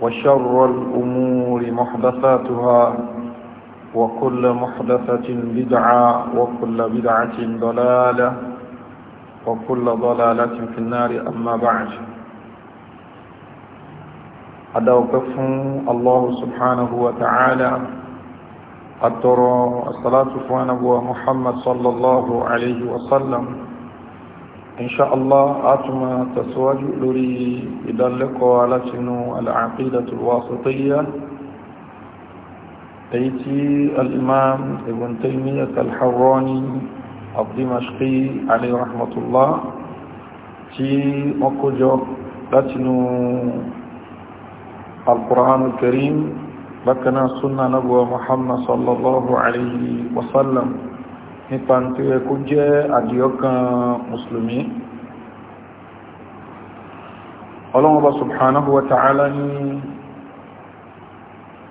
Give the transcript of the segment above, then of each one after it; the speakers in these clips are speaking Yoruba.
وشر الأمور محدثاتها وكل محدثة بدعة وكل بدعة ضلالة وكل ضلالة في النار أما بعد أدوقف الله سبحانه وتعالى أدر الصلاة فوانه محمد صلى الله عليه وسلم inṣáàlá a tún máa tẹ̀síwájú lórí ìdánilẹ́kọ̀ọ́ alátinú al-aqidatul wasatiyya èyí tí al-imam ibn taymiyyah al-harrani ad-dimashqi alayhi rahmatullah tí wọ́n kó jọ látinú al-qur'an al-karim bákanáà sunna nípa tí ó kó jẹ́ àdíọ́kan mùsùlùmí ọlọ́wọ́ba subhanahu wa ta'ala ni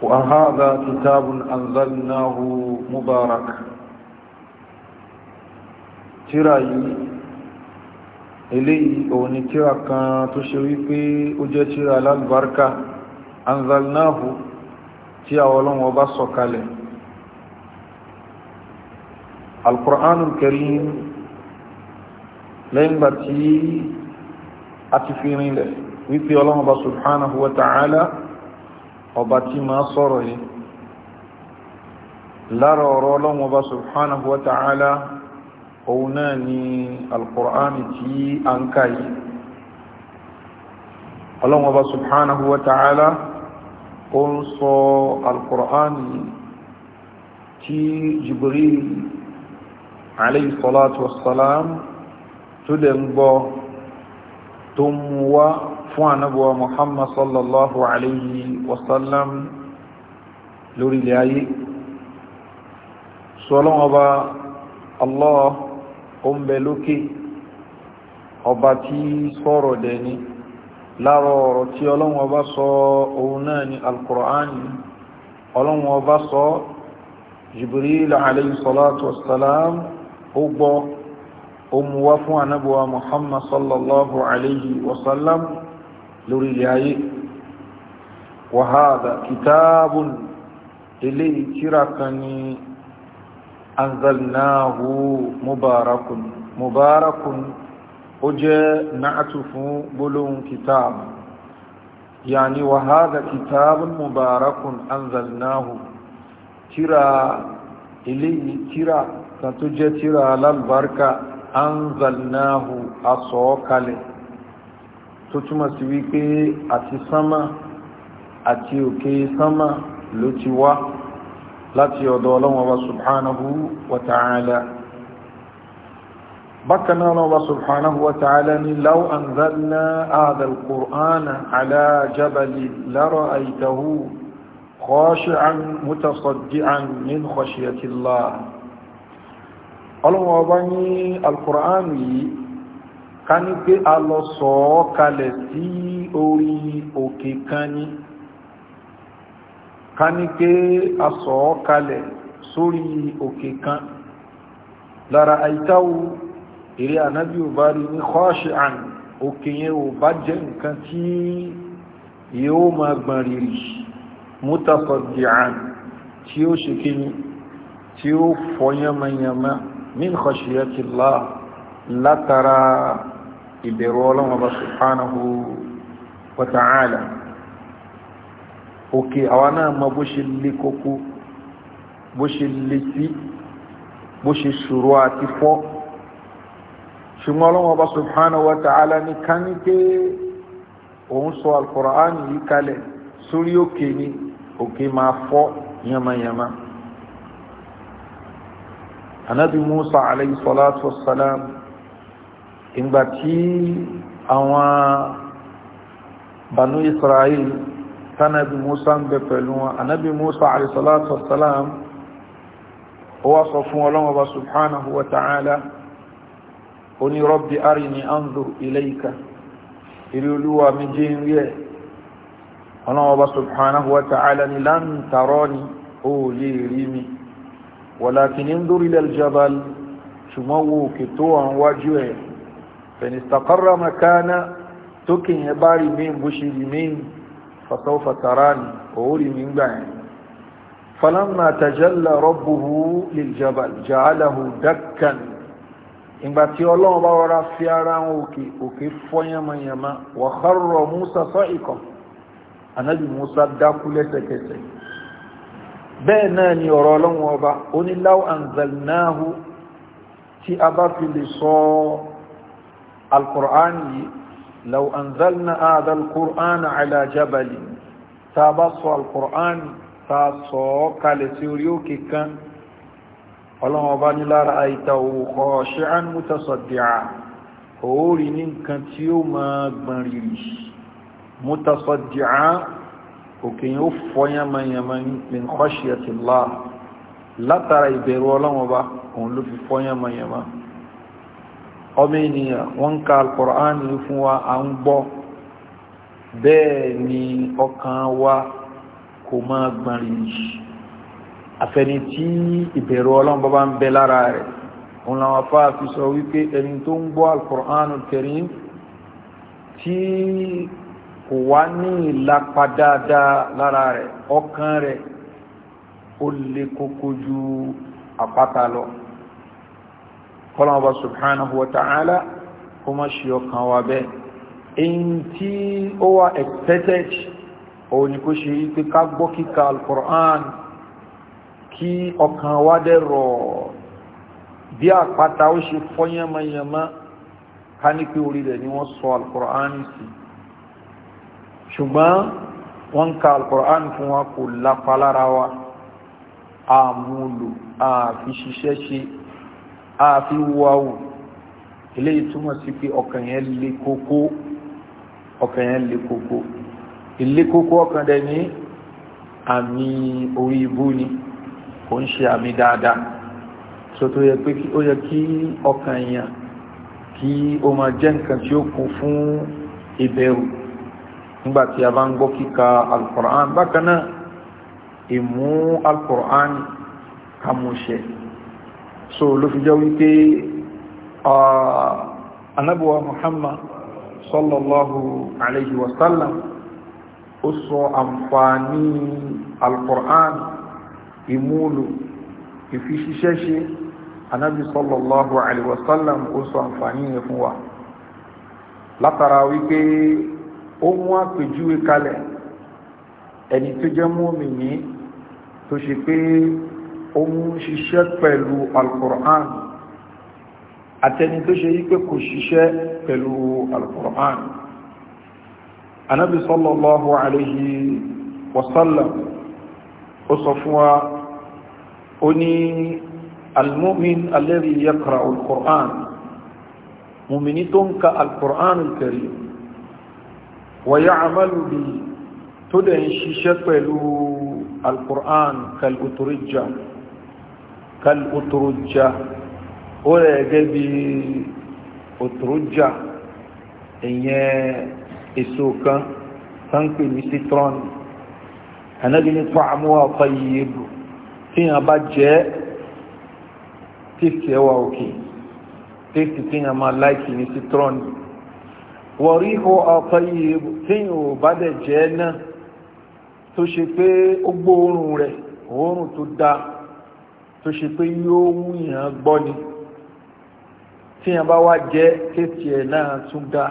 wa hadha kitabun anzalnahu mubarak tírà yìí eléyìí òun ni kan tó ṣe wípé ó jẹ́ tírà alábárká anzalnahu tí àwọn ọlọ́wọ́ba sọ̀kalẹ̀ so alkùránù karim lẹ́yìn gbà tí a ti fi rinlẹ̀ wípé ọlọ́run ọba subhanahu wa ta'ala ọba tí ma sọ̀rọ̀ yìí lára ọ̀rọ̀ ọlọ́run ọba subhanahu wa ta'ala òun náà ni alkùránù tí a ń ká yìí ọlọ́run ọba subhanahu wa ta'ala ó ń sọ alkùránù tí jibril alayhi salatu wassalam tó dẹ̀ ń gbọ́ tó ń mú wá fún ànábọ̀wá muhammad sallallahu alayhi wasallam lórí ilẹ̀ ayé sọlọ́n ọba allah ó ń bẹ lókè ọba tí sọ̀rọ̀ dẹni láàrọ̀ ọ̀rọ̀ tí ọlọ́run ọba sọ òun náà ni alkùránì ọlọ́run ọba sọ jibril alayhi salatu wassalam ó gbọ́ ó mú wá fún anábọ̀wá muhammad sallallahu alayhi wa sallam lórí ilé ayé wàhádà kìtàbùn eléyìí tírà kan ní anzalnahu mubarakun mubarakun ó jẹ́ náàtù fún gbólóhùn kìtàbù يعني وهذا كتاب مبارك أنزلناه ترى إليه ترى kan tó jẹ́ tíra alálùbáríkà anzalnahu asọ̀ọ́kalẹ̀ tó túmọ̀ sí wípé àti sánmà àti òkè sánmà ló ti wá láti ọ̀dọ̀ ọlọ́wọ́n wa subhanahu wa ta'ala bákaná ọlọ́wọ́ subhanahu wa ta'ala ni law anzalna adal qur'ana ala jabali lára àìtàhù khashi'an mutasaddi'an min khashiyati Allah ọlọ́wọ́ ọba ní alkùrán yìí ká ní pé a lọ sọ ọ́ kalẹ̀ sí orí òkè kan ní ká ní pé a sọ ọ́ kalẹ̀ sórí òkè kan lára àìtáwù èrè ànábì ò bá rí ní kọ́ọ̀ṣì àn òkè yẹn ò bá jẹ́ nǹkan tí yóò máa gbọ̀n rírì mútàfọ̀dì àn tí ó ṣe kíni tí ó fọ yánmayánmá min khashiyatillah látara ìbẹ̀rù ọlọ́run ọba subhanahu wa ta'ala òkè àwa náà mọ bó ṣe lé kókó bó ṣe lé sí bó ṣe ṣòro àti fọ́ ṣùgbọ́n ọlọ́run ọba subhanahu wa ta'ala ní ká ní pé òun sọ alkùránì yìí kalẹ̀ sórí òkè ni òkè máa fọ́ yamayama. Yama anabi musa alayhi salatu wassalam ìgbà tí àwọn banu israel tanabi musa ń bẹ pẹ̀lú wọn anabi musa alayhi salatu wassalam ó wá sọ fún ọlọ́wọ́ bá subhanahu wa ta'ala ó ní rabbi arini anzur ilayka ìrí mi jẹ́ ń rí ẹ̀ subhanahu wa ta'ala ni lan tarani ó lè rí walakin indur ila aljabal ṣùgbọ́n wo òkè tó wà ń wájú ẹ̀ fẹ̀nìstàkọ́rọ̀ makana tó kì yẹn bá rí mi bó ṣe rí mi fasau fatarani òun rí mi gbà yẹn falamma tajalla rabbuhu liljabal ja'alahu dakkan ìgbà tí ọlọ́run bá wọra fi ara wọn òkè òkè fọ́ yamayama wa kharra musa sa'iqa anabi musa dákú lẹ́sẹ̀kẹsẹ̀ bẹ́ẹ̀ náà ni ọ̀rọ̀ ọlọ́run ọba oníláwọ̀ anzalnahu tí a bá fi lè sọ alkùrán yìí law anzalna àdá alkùrán ala jabali ta bá sọ alkùrán ta sọ kalẹ̀ sí orí òkè kan ọlọ́run ọba ní lára àìta òwòkọ́ ṣe'án mutasaddi'a orí òkè yẹn ó fọ́ yánmayánmá min khashyatillah látara ìbẹ̀rù ọlọ́wọ́n bá òun ló fi fọ́ yánmayánmá ọmọ ènìyàn wọ́n ka alkùránì fún wa à ń gbọ́ bẹ́ẹ̀ ni ọkàn wa kò máa gbọ́nrin yìí àfẹni tí ìbẹ̀rù ọlọ́run bọ́bá ń bẹ lára rẹ̀ òun làwọn afá fi sọ wípé ẹni tó ń gbọ́ alkùránì karim tí kò wá ní ìlapa dáadáa lára rẹ̀ ọkàn rẹ̀ ó lè kókó ju àpáta lọ kọ́lọ́mọba subhanahu wa ta'ala kó má ṣe ọkàn wa bẹ́ẹ̀ èyí tí ó wà expected òun ni kó ṣe pé ká gbọ́ kíka al-Qur'an kí ọkàn wa dẹ̀ rọ̀ bí àpáta ó ṣe fọ́ yánmayánmá ká ní pé orí rẹ̀ ni wọ́n sọ al-Qur'an sí i ṣùgbọ́n wọ́n ka alkùránì fún wa kò lápá lára wa àmúlò àfi ṣiṣẹ́ ṣe àfi wáwò ilé ìtumọ̀ sí pé ọkàn yẹn le kókó ọkàn yẹn le kókó ilé kókó ọkàn dẹ̀ ní àmì orí ibú ni kò ń ṣe àmì dáadáa so tó yẹ pé ó yẹ kí ọkàn yẹn kí ó máa jẹ́ nǹkan tí ó kún fún ìbẹ̀rù nígbà tí a bá ń gbọ́ kíka alukur'an bákan náà ìmú alukur'an kàmúṣẹ so ló fi jẹ́ wípé anábíwá muhammad sallallahu alayhi wa sallam ó sọ àǹfààní alukur'an ìmúlò ìfiṣiṣẹ́ ṣe anábí sallallahu alayhi wa sallam ó sọ àǹfààní yẹn wa látara wípé ó mú àpèjúwe kalẹ̀ ẹni tó jẹ́ mùmínì tó ṣe pé ó mú ṣiṣẹ́ pẹ̀lú alukur'an àtẹni tó ṣe yí pé kò ṣiṣẹ́ pẹ̀lú alukur'an anabi sallallahu alayhi wa sallam ó sọ fún wa ó ní almumin alladhi yaqra'u alukur'an mùmínì tó ń ka alukur'an al wọ̀yá àmàlùbí tó dẹ̀ ń ṣiṣẹ́ pẹ̀lú alkùrán kalùtùrújà kalùtùrújà ó rẹ̀ gẹ́ bí òtùrújà ìyẹn èso kan sáńpé ní citron ànábi ní tọ́àmù ọ̀pá yìí tí yàn bá jẹ́ tíìsì ẹwà òkè tíìsì tí yàn máa láìkì ní citron wọ̀ríhò ọ̀pẹ́yì tíyàn ò bá dẹ̀ jẹ́ náà tó ṣe pé ó gbóòórùn rẹ̀ òórùn tó dá tó ṣe pé yóò wúyàn gbọ́ ni tíyàn bá wá jẹ́ kéèkì ẹ̀ náà tún dá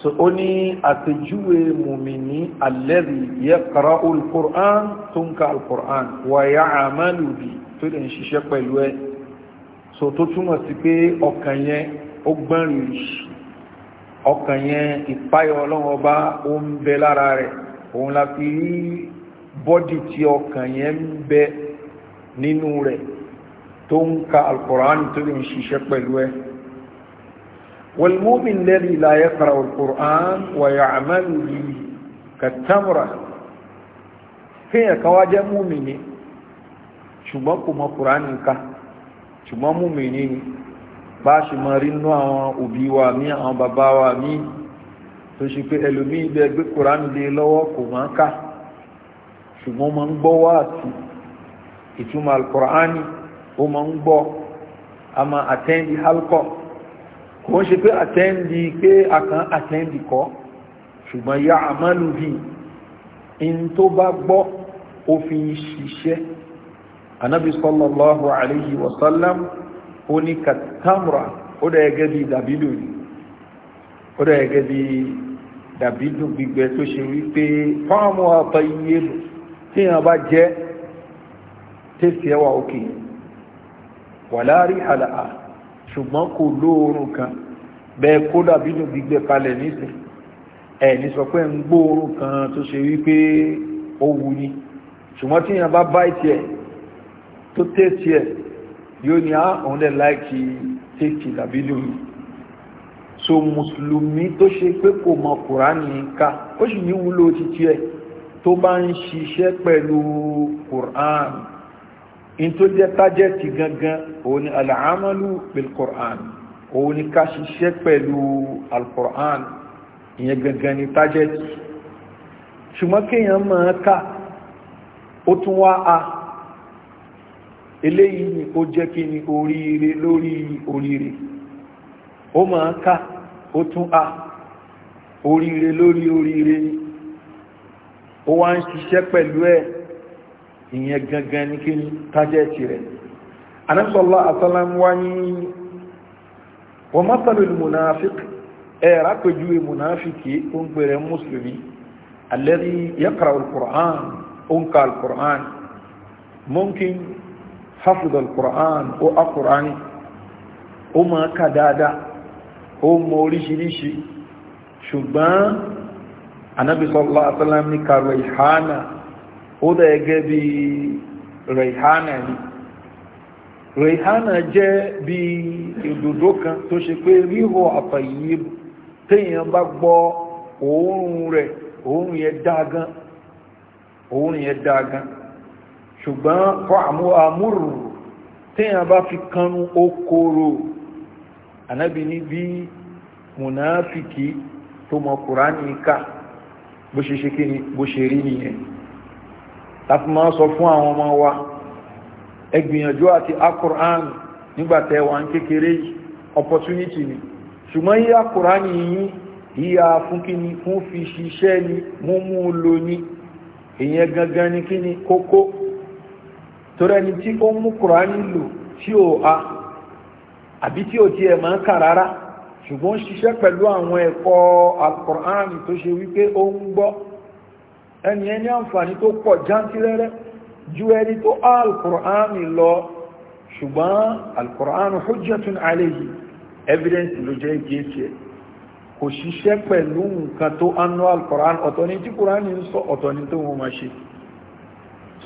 so ó ní àtẹ̀júwe mùmìnì alladhi yaqra'u al-Qur'an tó ń ka al-Qur'an wa ya'malu tó dẹ̀ ṣiṣẹ́ pẹ̀lú ẹ̀ so tó túmọ̀ sí pé ọkàn yẹn ó gbọ́n rìrì ọkàn yẹn ìpáyọ̀ ọlọ́run ọba ó ń bẹ lára rẹ̀ òun la fi rí bọ́dì tí ọkàn yẹn ń bẹ nínú rẹ̀ tó ń ka alkùránì tó lè ń ṣiṣẹ́ pẹ̀lú ẹ والمؤمن الذي لا يقرأ القرآن ويعمل به كالتمرة kéèyàn kan wá jẹ́ múmìnì ṣùgbọ́n kò mọ kùránì ká ṣùgbọ́n múmìnì ni bá ṣe mọ̀ rí nú àwọn òbí wa mí àwọn bàbá wa mí tó ṣe pé ẹlòmí ibẹ̀ gbé koran lé lọ́wọ́ kò máa kà ṣùgbọ́n máa ń gbọ́ wá àti ìtumọ̀ alkùránì ó máa ń gbọ́ a máa àtẹ́ndì halkọ́ kò ń ṣe pé àtẹ́ndì pé àkàn àtẹ́ndì kọ́ ṣùgbọ́n ya àmàlù in tó bá gbọ́ ó ṣiṣẹ́ anábì sallallahu alayhi wa sallam ó ní katamra ó dẹ̀ gẹ́gẹ́ bí dàbídù ni ó dẹ̀ gẹ́gẹ́ bí dàbídù gbígbẹ tó ṣe wípé fáwọn ọ̀pọ̀ iye tí yàn bá jẹ́ tẹ́sí ẹwà òkè wà láàrí àlàá ṣùgbọ́n kò lóorun kan bẹ́ẹ̀ kó dàbídù gbígbẹ kalẹ̀ nísìn ẹ̀ní sọ pé ń gbóorun kan tó ṣe wípé ó wu ni ṣùgbọ́n tí yàn bá bá ìtì ẹ̀ tó tẹ́sí ẹ̀ yóò ní àwọn ah, dẹ̀ láìkí tètè tàbí lómi so mùsùlùmí tó ṣe pé kò mọ kùránì ká ó sì ní wúlò títí ẹ̀ tó bá ń ṣiṣẹ́ pẹ̀lú kùránì in tó jẹ́ tájẹ́tì gangan òun ni alàámọ́lù pẹ̀lú kùránì òun ni ká ṣiṣẹ́ pẹ̀lú alkùránì ìyẹn gangan ni tájẹ́tì ṣùgbọ́n kéèyàn máa ká ó tún wá a eléyìí ni ó jẹ́ kí ni oríire lórí oríire ó máa ká ó tún a oríire lórí oríire ó wá ń ṣiṣẹ́ pẹ̀lú ẹ̀ ìyẹn gangan ní kí ni tájẹ́ẹ̀tì rẹ̀ anásọ́lá àtàlám wá ní wọ́n mátàlù ìmùnáfíkì ẹ̀rà pẹ̀jú ìmùnáfíkì ó ń pèrè mùsùlùmí alẹ́rí yẹ́kàrà alkùrán ó ń ka alkùrán mọ́nkín hafidu alquran ó akurani ó máa kà dáadáa ó mọ oríṣiríṣi ṣùgbọ́n anabi sallallahu alaihi wasallam ní ka raihana ó dà gẹ́gẹ́ bí raihana ni raihana jẹ́ bí ìdòdó kan tó ṣe pé ríhọ àtàyè téèyàn bá gbọ́ òórùn rẹ̀ òórùn yẹn dáa gan òórùn yẹn dáa gan ṣùgbọ́n kọ́ àmúrù téèyàn bá fi kanú okoro ànábì ní bí mùnáfìkì tó mọ kùránì ká bó ṣe ṣe kíni bó ṣe rí nìyẹn láti máa sọ fún àwọn ọmọ wa ẹ gbìyànjú àti akur'an nígbà tẹ́ wà ń kékeré yìí opportunity ni ṣùgbọ́n yíya kùránì yìí yíya fún kíni fún fi ṣiṣẹ́ ni mú mú lò ní ìyẹn gangan ni kíni kókó torí ẹni tí ó mú kùránì lò tí ò a àbí tí ò tiẹ̀ máa ń kà rárá ṣùgbọ́n ń ṣiṣẹ́ pẹ̀lú àwọn ẹ̀kọ́ alkùránì tó ṣe wípé ó ń gbọ́ ẹni ẹni àǹfààní tó pọ̀ jántírẹ́rẹ́ ju ẹni tó alkùránì lọ ṣùgbọ́n alkùránì hujjatun alayhi evidence ló jẹ́ gẹ́ẹ̀kì ẹ̀ kò ṣiṣẹ́ pẹ̀lú nǹkan tó anú alkùránì ọ̀tọ̀ ni tí kùránì ń sọ ọ̀tọ̀ ni tó wọ́n máa ṣe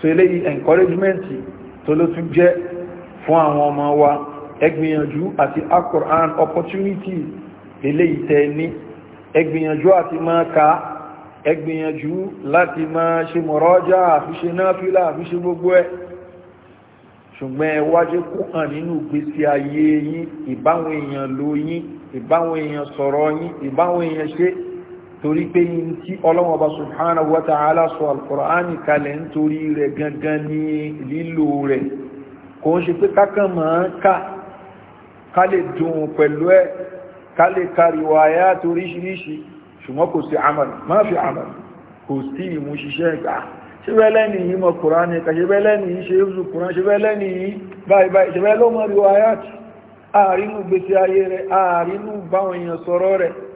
so eléyìí encouragement tó ló tún jẹ́ fún àwọn ọmọ wa ẹgbìyànjú àti akoran opportunity eléyìí tẹ́ ní ẹgbìyànjú àti máa ka ẹgbìyànjú láti máa ṣe mọ̀rọ́jà àfiṣe náfílà àfiṣe gbogbo ẹ̀ ṣùgbọ́n ẹ wájú kó hàn nínú ìgbésí ayé yín ìbáwọn èèyàn lò ìbáwọn èèyàn sọ̀rọ̀ yín ìbáwọn èèyàn ṣe é torí pé yìí tí Ọlọ́hun Ọba subhanahu wa ta'ala sọ alkùránì kalẹ̀ nítorí rẹ̀ gangan ní lílò rẹ̀ kò ń ṣe pé kákan máa ká ká lè dùn pẹ̀lú ẹ̀ ká lè kariwa ayá toríṣiríṣi ṣùgbọ́n kò sí amal má fi amal kò sí ìmúṣiṣẹ́ ìgbà ṣebẹ́lẹ́ni yìí mọ̀ kùránì ká ṣebẹ́lẹ́ni yìí ṣe ìrùsù kùránì ṣebẹ́lẹ́ni yìí báyìí báyìí ṣebẹ́lẹ́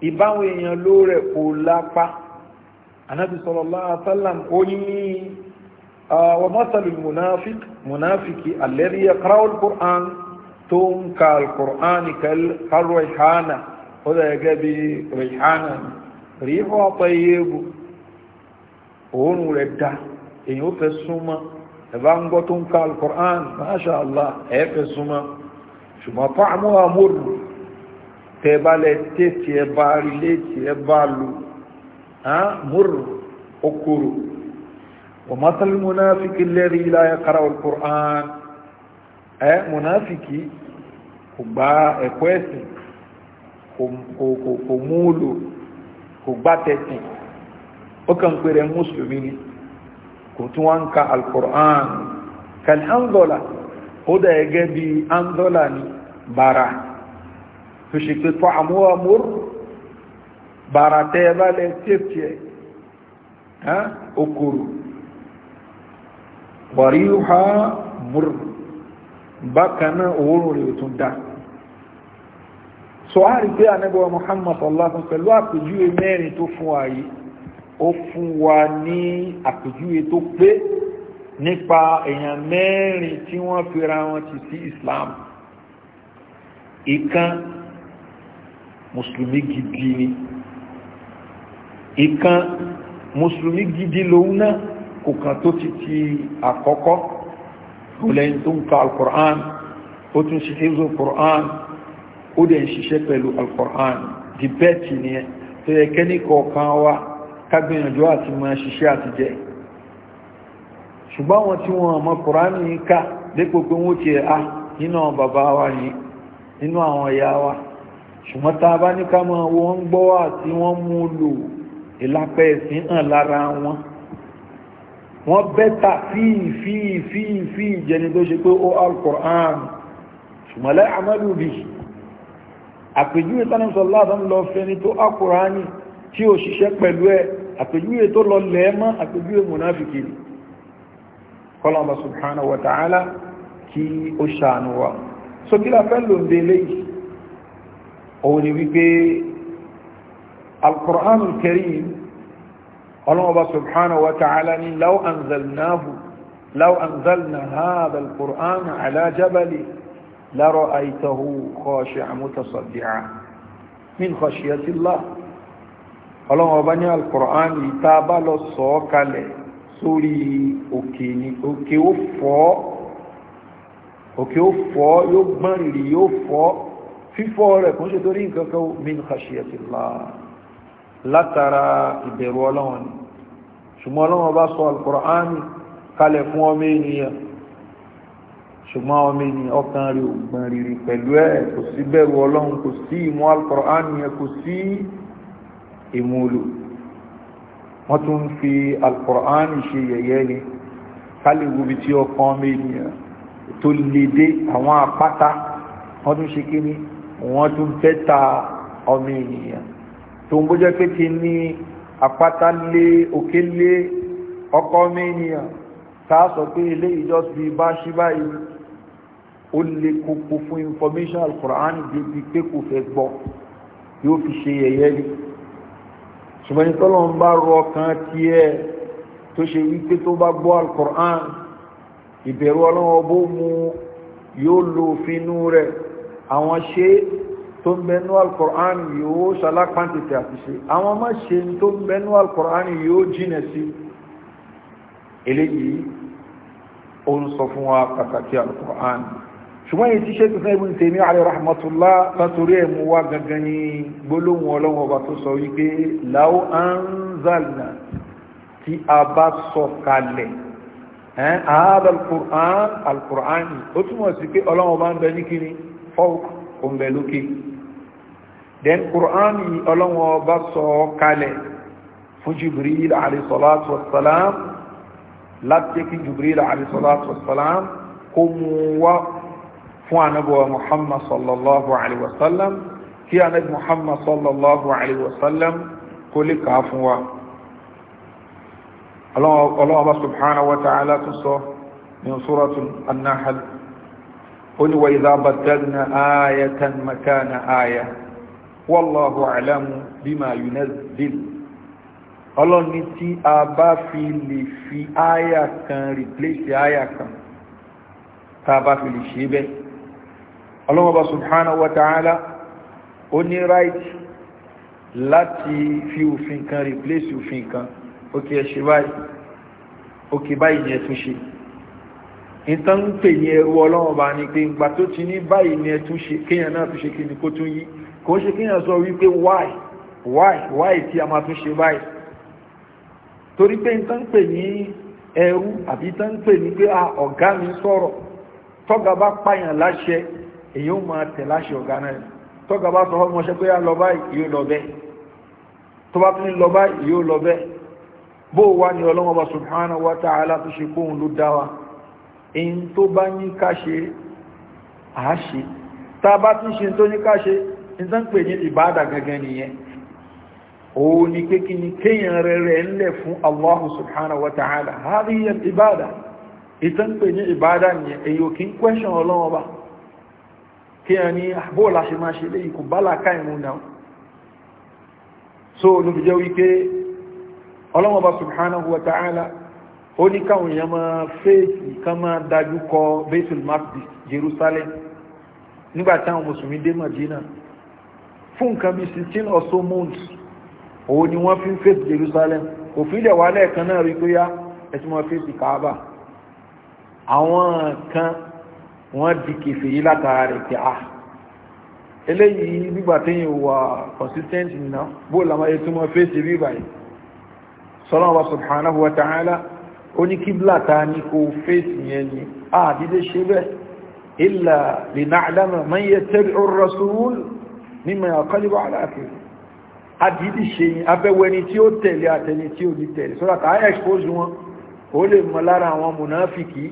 ìbáwọn èèyàn ló rẹ̀ kò lápá anábì sallallahu alaihi wasallam ó ní wa masalul munafik munafiki alladhi yaqra'u al-Qur'an tó ń ka al-Qur'an kálọ̀ ìhánà ó dà gẹ́gẹ́ bí ìhánà rihu tayyib òórùn rẹ̀ dá èèyàn ó fẹ́ súnmọ́ ẹ̀bá ń gbọ́ tó ń ka al-Qur'an masha Allah ẹ̀ẹ́fẹ́ súnmọ́ ṣùgbọ́n ta'amuha murr tẹ bá lẹ tètè ẹ bá rilé tì ẹ bá lu múrù okòrò wa masalul munafiki alladhi la yaqra al-Qur'an ẹ munafiki kò gba ẹ̀kọ́ ẹ̀sìn kò múlò kò gbá tẹ̀sìn ó kàn pèrè mùsùlùmí ni kò tún wá ń ka al kàlí andola ó dà ẹgẹ́ bíi andola ni bàrà tó ṣe pé tọ́ àmúwà mórù bàrà tẹ́ ẹ bá lẹ tẹ́ẹ̀tì ẹ̀ okòrò wàrí ha mórù bákan náà òórùn rẹ̀ tún dá so a rí pé anábẹ́wà muhammad sallallahu pẹ̀lú àpèjúwe mẹ́rin tó fún wa yìí ó fún wa ní àpèjúwe tó pé nípa èèyàn mẹ́rin tí wọ́n fira wọn ti sí islam ìkan mùsùlùmí gidi ni ìkan mùsùlùmí gidi lòun náà kò kàn tó ti ti àkọ́kọ́ lẹ́yìn tó ń ka alkùrán ó tún ṣe ṣe alkùrán ó dẹ̀ ń ṣiṣẹ́ pẹ̀lú alkùrán di bẹ́ẹ̀tì ni ẹ tó yẹ kẹ́ni kọ̀ọ̀kan wa kágbìyànjú àti máa ṣiṣẹ́ àti jẹ́ ṣùgbọ́n wọn tí wọn àmọ́ kùránì ká dépò pé wọ́n ti ẹ̀ á nínú àwọn bàbá wa yìí nínú àwọn ìyá wa ṣùgbọ́n tá a bá ní ká mọ̀ wọ́n gbọ́ àti wọ́n mú lò ìlápẹ́ ẹ̀sìn hàn lára wọn wọ́n bẹ́ta fíì fíì fíì fíì jẹni tó ṣe pé ó al-Qur'an ṣùgbọ́n lẹ́ àmọ́lù bì àpèjúwe tánà sọ láàbọ̀n lọ fẹ́ni tó al-Qur'ani tí ó ṣiṣẹ́ pẹ̀lú ẹ̀ àpèjúwe tó lọ lẹ́ẹ̀mọ́ àpèjúwe mùnáfìkì kọlọ́mọ subhanahu wa ta'ala kí ó ṣàánú wa so kí la fẹ́ lòǹde léyìí òun ni wípé alkùránù karim ọlọ́wọ́ba subhanahu wa ta'ala ni law anzalnahu law anzalna hadha alkùránù ala jabali la ra'aytahu khashi'an mutasaddi'an min khashyatillah ọlọ́wọ́ bá ní alkùrán ìta bá lọ sọ kalẹ̀ sórí òkè ó fọ́ yóò gbọ́n yóò fọ́ fífọ́ rẹ̀ kún ṣe torí nǹkan kan min khashiyatillah látara ìbẹ̀rù ọlọ́run ni ṣùgbọ́n ọlọ́run bá sọ alkùránì kalẹ̀ fún ọmọ ènìyàn ṣùgbọ́n ọmọ ènìyàn ọkàn rẹ̀ ògbọ̀n rírì pẹ̀lú ẹ̀ kò sí bẹ̀rù ọlọ́run kò sí ìmú alkùránì yẹn kò sí ìmúlò wọ́n tún ṣe yẹ̀yẹ́ ni wọ́n tún fẹ́ ta ọmọ ènìyàn tó ń bójọ́ pé kí ní àpáta lé òkè lé ọkọ̀ ọmọ ènìyàn sáàsọ̀ pé ilé ìjọsí bá ṣí báyìí ó lè kókó fún information al-Qur'an débi pé kò fẹ́ gbọ́ yóò fi ṣe yẹ̀yẹ́ ni ṣùgbọ́n ní tọ́lọ̀ ń bá rọ ọkàn tí ẹ tó ṣe wípé tó bá gbọ́ al-Qur'an ìbẹ̀rù ọlọ́wọ́ bó mu yóò lo òfin rẹ̀ àwọn ṣe tó ń bẹnú alkùránì yóò ṣalápántìtì àti ṣe àwọn má ṣe tó ń bẹnú alkùránì yóò jìnà sí eléyìí ó ń sọ fún wa pàtàkì alkùránì ṣùgbọ́n yìí tí ṣe tó sẹ́yìn tè ní àrẹ rahmatulá látòrí ẹ̀ mú wá gangan ní gbólóhùn ọlọ́wọ́ ọba tó sọ wípé láwọ́ anzalna tí a bá sọ kalẹ̀ ààbà alkùránì ó túmọ̀ sí pé ọlọ́wọ́ bá ń bẹ ní kíni fọ́ọ̀k òǹbẹ̀ lókè then Qur'an yìí ọlọ́wọ́n ọba sọ kalẹ̀ fún Jibril alayhi salatu wassalam láti kí Jibril alayhi salatu wassalam kó mú wá fún anábọ̀wà Muhammad sallallahu alayhi wa sallam kí anábì Muhammad sallallahu alayhi wa sallam kó lè wa ọlọ́wọ́n ọba subhanahu wa ta'ala tó sọ ní ó ní wa idha baddalna ayatan makana aya wallahu a'lamu bima yunazzil ọlọ́run ní tí a bá fi lè fi aya kan replace aya kan tá a bá fi lè ṣe bẹ́ẹ̀ ọlọ́run ọba subhanahu wa ta'ala ó ní right láti fi òfin kan replace òfin kan ó kì í ṣe báyìí ó kì báyìí ni ẹ tún ṣe ìtàn ń pè ní ẹrú ọlọ́wọ́n bá ní pé ìgbà tó ti ní báyìí ni ẹtún ṣe kéèyàn náà tún ṣe kí ni kó tún yí kò ń ṣe kéèyàn sọ wípé why why why tí a máa tún ṣe báyìí torí pé ìtàn ń pè ní ẹrú àbí ìtàn ń pè ní pé ah, ọ̀gá mi sọ̀rọ̀ tọ́gà bá pààyàn láṣẹ èyí ó máa tẹ̀ láṣẹ ọ̀gá náà tọ́gà bá sọ fọ́mọṣẹ́ pé á ah, lọ báyìí yóò lọ bẹ́ẹ̀ tó bá tún lọ báyìí yóò lọ bẹ́ẹ̀ bó wà ní ọlọ́wọ́n bá subhanahu wa ta'ala tó ṣe kóhun ló dá wa in tó bá ní káṣe a tá bá tún ṣe tó ní káṣe in tó ń pè ní ìbáadà gangan nìyẹn òun ni pé kí ni fún subhanahu wa ta'ala hadhihi ibada ìtàn pè ní ibada nìyẹn èyí ò kí ní ah, bóòlá ṣe máa ṣe léyìn so subhanahu wa ta'ala ó ní káwọn èèyàn máa fèsì kán máa dájú kọ Baitul Maqdis Jerusalem nígbà táwọn mùsùlùmí dé Madina fún nǹkan bíi sixteen or so months òun ni wọ́n fi ń fèsì Jerusalem òfin ilẹ̀ wa lẹ́ẹ̀kan náà rí pé yá ẹtí wọ́n fèsì Kaaba àwọn kan wọ́n di kèfèrí látara rẹ̀ pé ah eléyìí nígbà téèyàn wà consistent nìna bó làwọn ètò wọn fèsì rí báyìí sọlọ́wọ́ subhanahu wa ta'ala oníkíblà ta ní kò fèsì yẹn ni a dídé ṣe bẹ́ ilà lè náàdámà man yẹ tẹ́rì ar-rasul mimma yaqalibu ala aqibihi a dídé ṣe yìn abẹ́wẹni tí ó tẹ̀lé àtẹni tí ó ní tẹ̀lé sọ́dá ta expose wọn ó lè mọ lára àwọn mùnáfìkì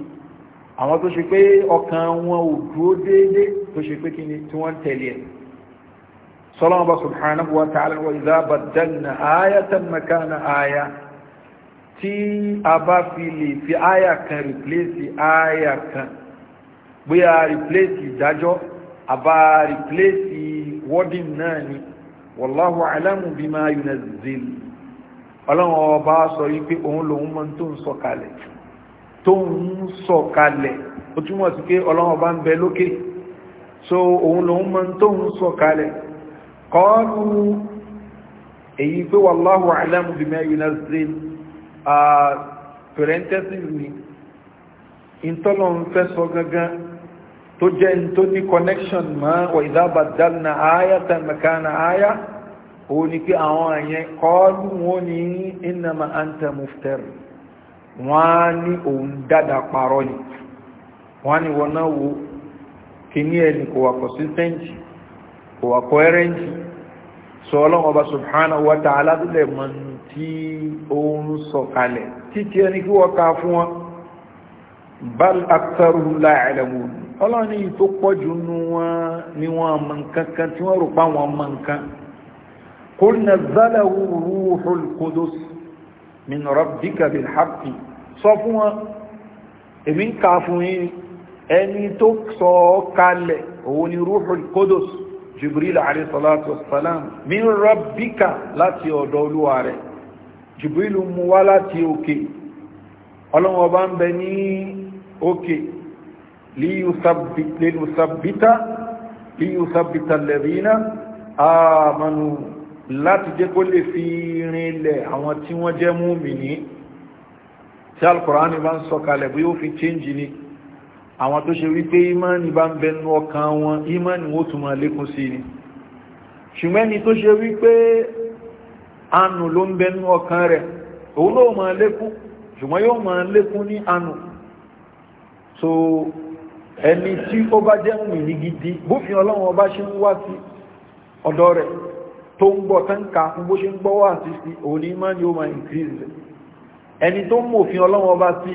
àwọn tó ṣe pé ọkàn wọn ò dúró déédéé tó ṣe pé kíni tí wọ́n tẹ̀lé ẹ̀ sọ́lọ́mọba subhanahu wa ta'ala wa tí a bá fi lè fi àyà kan replace àyà kan bóyá replace ìdájọ́ àbá replace wording náà ni wallahu alamu bima yunazzil ọlọ́run ọba sọ wípé òun lòun mọ́ tó ń sọ kalẹ̀ tó ń sọ kalẹ̀ ó túmọ̀ sí pé ọlọ́run ọba ń bẹ lókè so òun lòun mọ́ tó ń sọ kalẹ̀ kọ́ọ̀lù èyí pé wallahu alamu bima yunazzil parenthesis ni ìtọ́lọ̀ ń fẹ́ sọ gangan tó jẹ́ ní tó ní connection mọ́ wà ìdábàdàl na àyà tàbíkà na àyà ó ní pé àwọn àyẹn kọlu wọn ní innama anta muftar wọ́n ní òun dada parọ́ ni wọ́n ní wọ́n náà wo kìíní ẹni kò wà consistent kò wà coherent sọ ọlọ́run ọba subhanahu wa ta'ala lè mọ́ ní tí òun sọ̀kalẹ̀ títí ẹni kí wọ́n ká fún wọn bal aktharuhum la ya'lamun ọlọ́run ní tó pọ̀jù nù wọn ni wọ́n mọ̀ nǹkan kan tí wọ́n rò pa wọn mọ̀ nǹkan qul nazzalahu ruhul qudus min rabbika bil haqqi sọ fún wọn èmi ń kà fún yín ẹni tó sọ kalẹ̀ òun ni ruhul qudus jibril alayhi salatu wassalam min rabbika láti ọ̀dọ̀ olúwa rẹ̀ jùbílù mú wá láti òkè ọlọ́wọ́ bá ń bẹ ní òkè líyùsàbítà lẹ́rìnà àmànù láti jẹ́ kó lè fi rinlẹ̀ àwọn tí wọ́n jẹ́ mùmínì tí alkùránì bá ń sọ̀kalẹ̀ bí ó fi change ni àwọn tó ṣe wípé imani bá ń bẹnu ọkàn wọn imani ó túnmọ̀ lékún sí ni ṣùgbẹ́ni tó ṣe wípé Anu ló ń bẹnu ọkàn rẹ̀ òun ló máa lékún ṣùgbọ́n yóò máa lékún ní anù so ẹni tí ó bá jẹ́ mìírí gidi bófin ọlọ́run ọba ṣe ń wá sí ọ̀dọ́ rẹ̀ tó ń gbọ́ tánkà fún bó ṣe ń gbọ́wọ́ àti sí òun ní máa ní ó máa increase rẹ̀ ẹni tó ń mòfin ọlọ́run ọba sí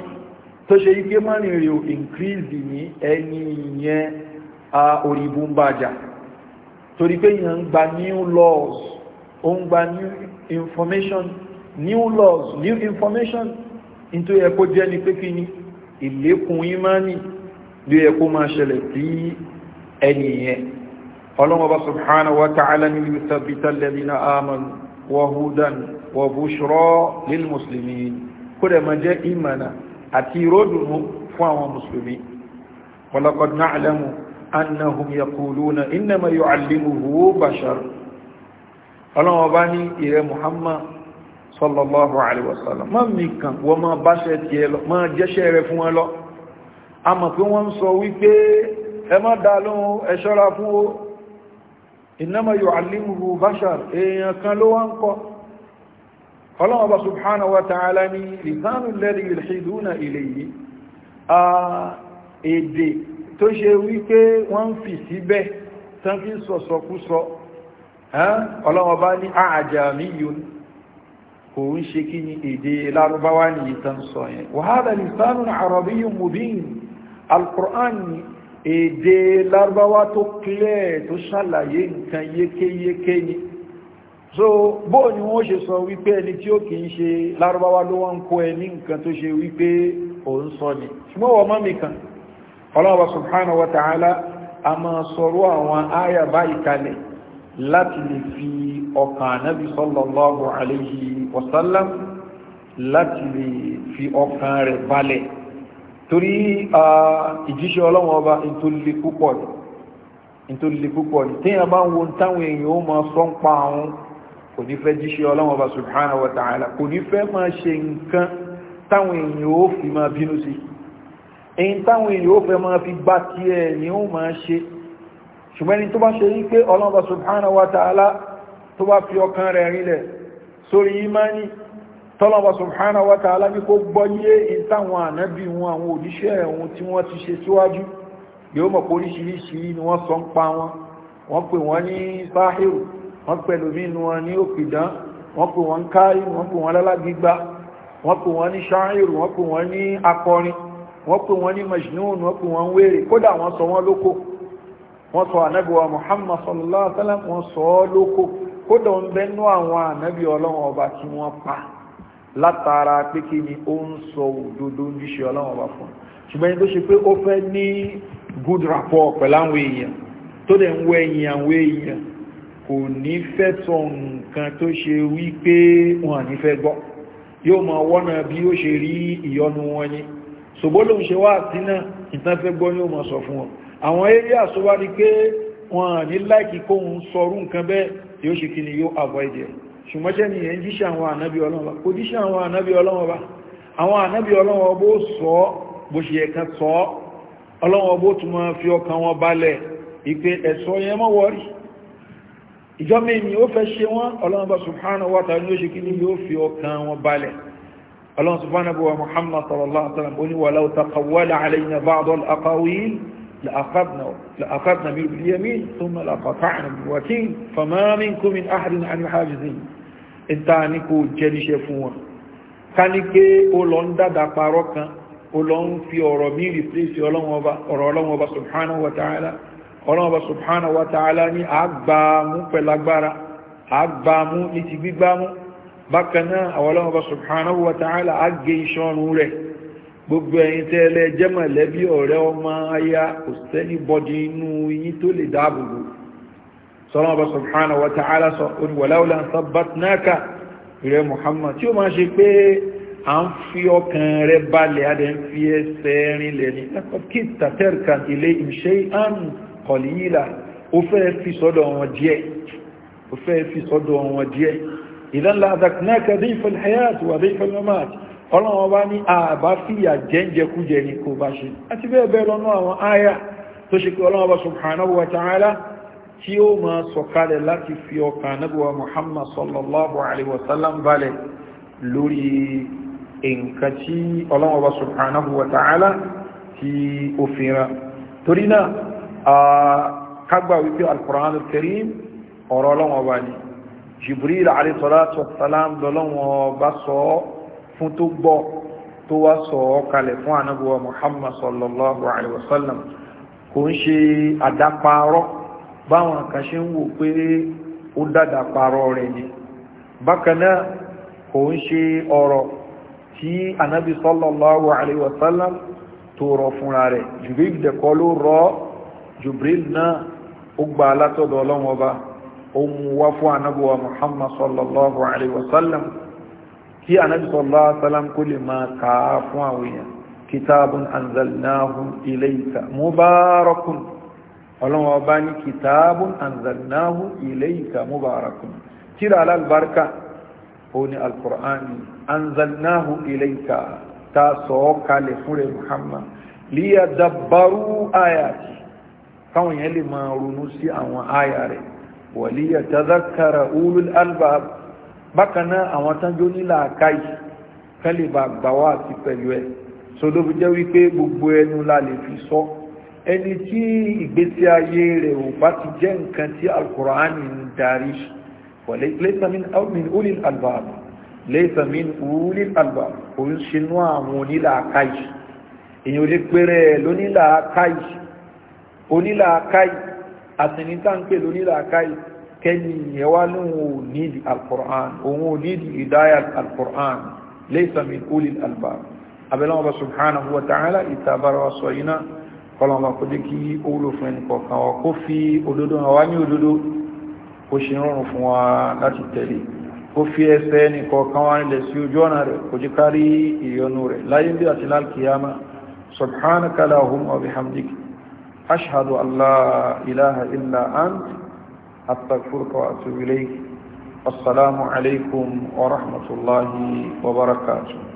tó ṣe ike máa rìn rìn increase ní ẹni ìyẹn orí bú ń bàjá torí pé yàn ń gba new laws ó ń gba new information new laws new information nítorí ẹ̀kọ́ jẹ́ ni pé kí ni ìlékún imani ló yẹ kó máa ṣẹlẹ̀ sí ẹni ọlọ́mọba subhanahu wa ta'ala ni yuthabbita alladhina amanu wa hudan wa bushra lil muslimin kó dẹ̀ máa jẹ́ ìmànà àti ìròdùnú fún àwọn mùsùlùmí walaqad na'lamu annahum yaquluna innama yu'allimuhu bashar ọlọ́run ọba ní ìrẹ muhammad sallallahu alaihi wasallam ma mi kan wọ́n ma báṣẹ́ ti ẹ lọ ma jẹ́ṣẹ́ rẹ fún ẹ lọ a mọ̀ pé wọ́n ń sọ wípé ẹ má dá lóhun ẹ ṣọ́ra fún o innama yu'allimuhu bashar èèyàn kan ló wá ń kọ́ ọlọ́run ọba subhanahu wa ta'ala ní lisanu alladhi yulhiduna ilayhi èdè tó ṣe wípé wọ́n fi síbẹ̀ tán fi sọ̀sọ̀kú sọ ọlọ́wọ́ bá ní àjàmí yun kò ń ṣe kí ni èdè lárúbáwá ní ìtàn sọ yẹn wàhálà lìsánù àrọ̀bí yun mubin alkùrán èdè lárúbáwá tó kílẹ̀ tó ṣàlàyé nǹkan yékéyéké ni so bó ni wọ́n ṣe sọ wípé ẹni tí ó kì í ṣe lárúbáwá ló wọ́n kó ẹni nǹkan tó ṣe wípé òun sọ ni ṣùgbọ́n wọ́n mi kan ọlọ́wọ́ subhanahu wa ta'ala a máa sọ̀rọ̀ àwọn áyà báyìí láti lè fi ọkàn ànábì sallallahu alayhi wa sallam láti lè fi ọkàn rẹ̀ balẹ̀ torí ìjíṣẹ́ ọlọ́wọ́n ọba ìtòlè púpọ̀ ni ìtòlè púpọ̀ ni tí a bá ń wo táwọn èèyàn ó máa sọ ń pa àwọn kò ní fẹ́ jíṣẹ́ ọlọ́wọ́n ọba subhanahu wa kò ní fẹ́ máa ṣe nǹkan táwọn èèyàn ó fi máa bínú sí èyí táwọn èèyàn ó fẹ́ máa fi gbá tiẹ̀ ni ó máa ṣe ṣùgbọ́n ni tó bá ṣe yí pé ọlọ́ọ̀bá subhanahu wa ta'ala tó bá fi ọkàn rẹ̀ rílẹ̀ sórí imani tọ́lọ́ọ̀bá subhanahu wa ta'ala ní kó gbọ́yé ìtàwọn ànábì wọn àwọn òdíṣẹ́ ẹ̀hún tí wọ́n ti ṣe síwájú yóò mọ̀ oríṣiríṣi ni wọ́n sọ ń pa wọn wọ́n pè wọ́n ní sáhírù wọ́n wọ́n sọ ànábìwa muhammad sallallahu alaihi wa sallam wọ́n sọ ọ́ lóko kódà ń bẹ nú àwọn ànábì ọlọ́run ọba tí wọ́n pa látara pé kí ni ó ń sọ òdodo ń díṣe ọlọ́run ọba fún un ṣùgbọ́n ẹni tó ṣe pé ó fẹ́ ní good rapport pẹ̀lú àwọn èèyàn tó dẹ̀ ń wọ ẹ̀yìn àwọn èèyàn kò ní fẹ́ sọ nǹkan tó ṣe wí pé wọn à ní fẹ́ gbọ́ yóò máa wọ́nà bí ó ṣe rí ìyọnu wọn ni ṣògbó lóun ṣe wá àti ìtàn fẹ́ gbọ́ yóò máa sọ fún wọn àwọn area tó wá rí pé wọn ní láìkí kóhun sọrú nǹkan bẹ́ẹ̀ yóò ṣe kí ni yóò avoid ẹ̀ ṣùgbọ́n jẹ́ ni ẹn jíṣẹ́ àwọn ànábí ọlọ́wọ́ kò jíṣẹ́ àwọn ànábí ọlọ́wọ́ bá àwọn ànábí ọlọ́wọ́ bó sọ bó ṣe ẹ̀kan sọ ọlọ́wọ́ bó tún máa fi ọkàn wọn balẹ̀ ìpé ẹ̀sọ́ yẹn mọ́ wọ́rí ìjọ́mí ni ó fẹ́ ṣe wọ́n ọlọ́wọ́ subhanahu wa ta'ala yóò ṣe kí ni yóò fi ọkàn wọn balẹ̀ ọlọ́wọ́ subhanahu wa muhammad sallallahu alaihi wa ní walau taqawwala alayna ba'd al لأخذنا لأخذنا باليمين ثم لقطعنا بالوكيل فما منكم من أحد عن الحاجزين انت عنكو جلش فوا كانك أولوندا دا باروكا أولون في أورومي ريبليس أولون وبا سبحانه وتعالى أولون وبا سبحانه وتعالى ني أقبامو فالأقبارة أقبامو نتبقبامو بكنا أولون وبا سبحانه وتعالى أقجيشون وليه gbogbo ẹ̀yin tẹ́lẹ̀ jẹ́ mọ̀lẹ́bí ọ̀rẹ́ ọmọ aya kò sẹ́ni bọ́dí inú yín tó lè dáàbòbò sọ́lọ́mọ bá subhanahu wa ta'ala sọ oníwàláwùlà ń sabbatnaka rẹ̀ Muhammad tí ó máa ṣe pé à ń fi ọkàn rẹ balẹ̀ adẹ ń fi ẹsẹ̀ rinlẹ̀ ní kí tàtẹ́rìkà ilé ìṣe àn kọ̀lìyìlà ó fẹ́ fi sọ́dọ̀ wọn díẹ̀ ó fẹ́ fi sọ́dọ̀ wọn díẹ̀ ìdánlá àdàkùnákà dé ìfẹ̀lẹ̀ hayat wà dé ìfẹ̀lẹ̀ mamati ọlọ́wọ́n bá ní àbá fìyà jẹ́ǹjẹkújẹ ní kò bá ṣe àti bẹ́ẹ̀ bẹ́ẹ̀ lọ́nà àwọn àyà tó ṣe pé ọlọ́wọ́n bá subhanahu wa ta'ala tí ó ma sọ̀kalẹ̀ láti fi ọkàn nábíwa muhammad sallallahu alaihi wasallam balẹ̀ lórí nǹkan tí ọlọ́wọ́n bá subhanahu wa ta'ala fún tó gbọ́ tó wá sọ ọ́ kalẹ̀ fún anábúwa muhammad sallallahu alaihi wasallam kò ń ṣe àdáparọ́ báwọn kan ṣe ń wò pé ó dàdà parọ́ rẹ̀ ni bákan náà kò ń ṣe ọ̀rọ̀ tí anábí sallallahu alaihi wasallam tó rọ fúnra rẹ̀ jibril dẹ̀kọ́ ló rọ jibril náà ó gba alátọ́dọ̀ ọlọ́wọ́ ó mú wá fún anábúwa muhammad sallallahu alaihi wasallam kí ànábì sallallahu alaihi wasallam kó lè máa kà á fún àwọn èèyàn kitabun anzalnahu ilayka mubarakun ọlọ́wọ́ ọba ní kitabun anzalnahu ilayka mubarakun kíra alálùbáríkà ó ní alkùránì anzalnahu ilayka ta sọ ọ́ kalẹ̀ fúnrẹ̀ muhammad liyadabbaru ayati káwọn yẹn lè máa ronú sí àwọn àyà rẹ̀ wa liyatadhakkara ulul albab bákan náà àwọn tánjó nílà àkáì kán lè bá gbà wá àti pẹ̀lú ẹ̀ sọdọ́ jẹ́ wípé gbogbo ẹnu la lè fi sọ ẹni tí ìgbésí ayé rẹ̀ ò bá ti jẹ́ nǹkan tí alkùránì ń darí laysa min ulil albab laysa min ulil albab kò ń ṣinú àwọn onílà àkáì èyàn lè pèrè ẹ̀ lónílà kẹ́ni yẹwa lóun ò nídi alkùrán òun ò nídi ìdáyà alkùrán laysa min ulil albab abẹ́lẹ́wọ̀n bá subhanahu wa ta'ala ìtàbára wa sọ iná kọlọ̀mà kó jẹ́ kí ó wúlò fún ẹnì kọ̀ọ̀kan wa kó fi òdodo hàn wá ní òdodo kó ṣe rọrùn fún wa láti tẹ̀lé kó fi ẹsẹ̀ ẹnì kọ̀ọ̀kan wa nílẹ̀ sí ojú ọ̀nà rẹ̀ kó jẹ́ kárí ìyọnu rẹ̀ láyé bí àti lálkìyàmá subhanaka lahumma wa bihamdik ashhadu an la ilaha illa ant أستغفرك وأتوب إليك السلام عليكم ورحمة الله وبركاته